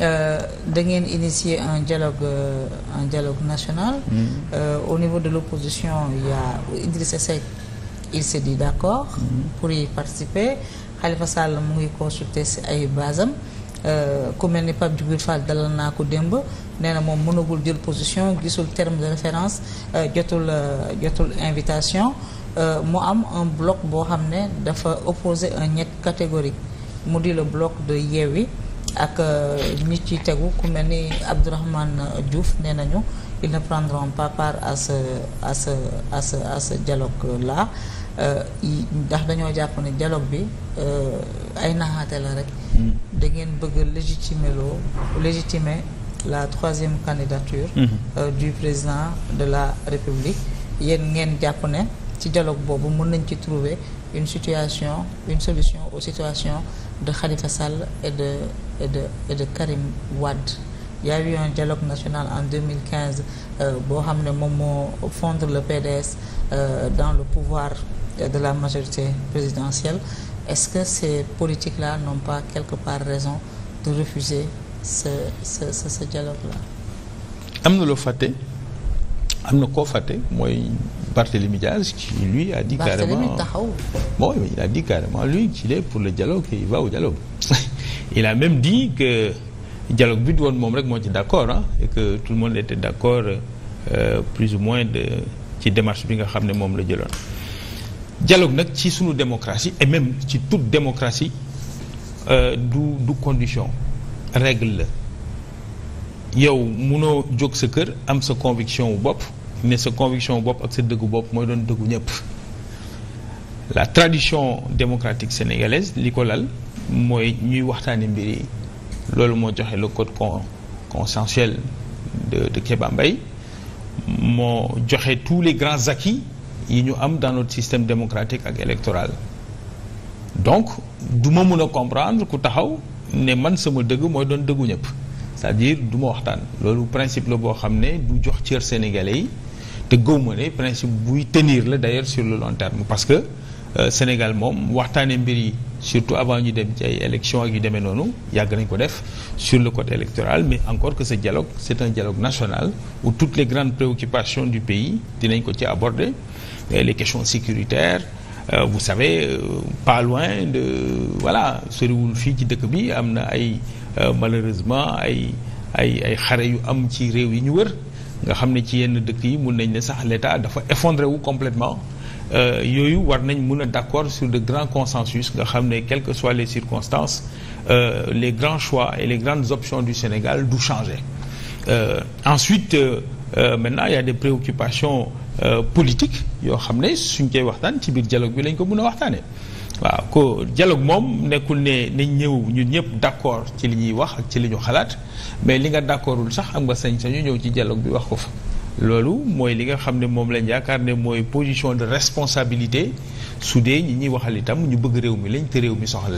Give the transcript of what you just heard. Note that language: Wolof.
Euh, da ngeen initier un dialogue euh, un dialogue national. Mm. Euh, au niveau de l'opposition il y a Idrissa Seck il s'est dit d'accord mm. pour y participer Khalifa Sall mu ngi consulter ci ay basam ku mel ni Pape Djibril Fall dalal naa ko démb nee na moom mënagul jël position gisul terme de référence jotul jotul invitation mu am un bloc boo xam ne dafa opposer un ñett catégorique mu di le bloc de Yewwi ak ñi euh, ci tegu ku mel ni Abdourahmane Diouf nee nañu ils ne prendront pas part à ce à ce dialogue là euh, ndax dañoo jàpp ne dialogue bi euh, ay naxaate la rek. Mm. da ngeen bëgg légitimer loo légitimer la troisième candidature. Mm-hmm. du président de la république yéen ngeen jàpp ne ci dialogue boobu mun nañ ci trouver. une situation une solution aux situations de Khalifa salle et de et de et de Karim Wade. y a eu un dialogue national en 2015 euh, boo xam ne moom moo fondre le PDS euh, dans le pouvoir de la majorité présidentielle est-ce que ces politiques-là n'ont pas quelque part raison de refuser ce ce ce, ce dialogue-là. loo fàtte. am na koo fàtte mooy Barthélémy Diaz qui lui a dit carrément bon il a dit carrément lui qu'il est pour le dialogue il va au dialogue il a même dit que dialogue bi du woon moom rek moo ci d'accord ah et que tout le monde était d'accord euh, plus ou moins de ci démarche bi nga xam ne moom la jëloon dialogue nag ci suñu démocratie et même ci toute démocratie euh, du du condition règle la yow munoo jóg sa kër am sa conviction wu bopp ne sa conviction bopp ak sa dëggu bopp mooy doon dëggu ñëpp la tradition démocratique sénégalaise li ko lal mooy ñuy waxtaane mbir yi loolu moo joxe la code con consensuel de de Kéba Mbaye moo joxe tous les grands acquis yi ñu am dans notre système démocratique ak électoral donc du ma mun a comprendre ku taxaw ne man sama dëgg mooy doon dëggu ñëpp cest a dire du ma waxtaan loolu principe la boo xam ne bu jox cër sénégalais yi te ma ne principe buy tenir la d'ailleurs sur le long terme parce que euh, Sénégal moom waxtaanee mbir yi surtout avant ñu dem ci ay élections ak yu demee noonu yàgg nañ ko def sur le côté électoral mais encore que ce dialogue c'est un dialogue national où toutes les grandes préoccupations du pays dinañ ko ci aborder les questions sécuritaires Euh, vous savez euh, pas loin de voilà soriwul fii ci dëkk bi am na ay euh, malheureusement ay ay ay xare yu am ci réew yi ñu wër nga xam ne ci yenn dëkk yi mun nañ ne sax l'État dafa effondré wu complètement yooyu war nañ mun a d'accord sur de grands consensus nga xam ne quelles que soient les circonstances les grands choix et les grandes options du Sénégal du changer ensuite Euh, maintenant il y a des préoccupations euh, yoo xam ne suñ koy waxtaan ci biir dialogue bi lañ ko mën a waxtaanee. waa ko jaloog moom nekkul ne ne ñëw ñun ñëpp d'accord ci li ñuy wax ak ci li ñu xalaat mais li nga d'accordul sax am nga sañ-sañu ñëw ci dialogue bi wax ko fa. loolu mooy li nga xam ne moom lañ yaakaar ne mooy position de responsabilité su dee ñi ñuy waxal itam ñu bëgg réew mi lañ te réew mi soxla.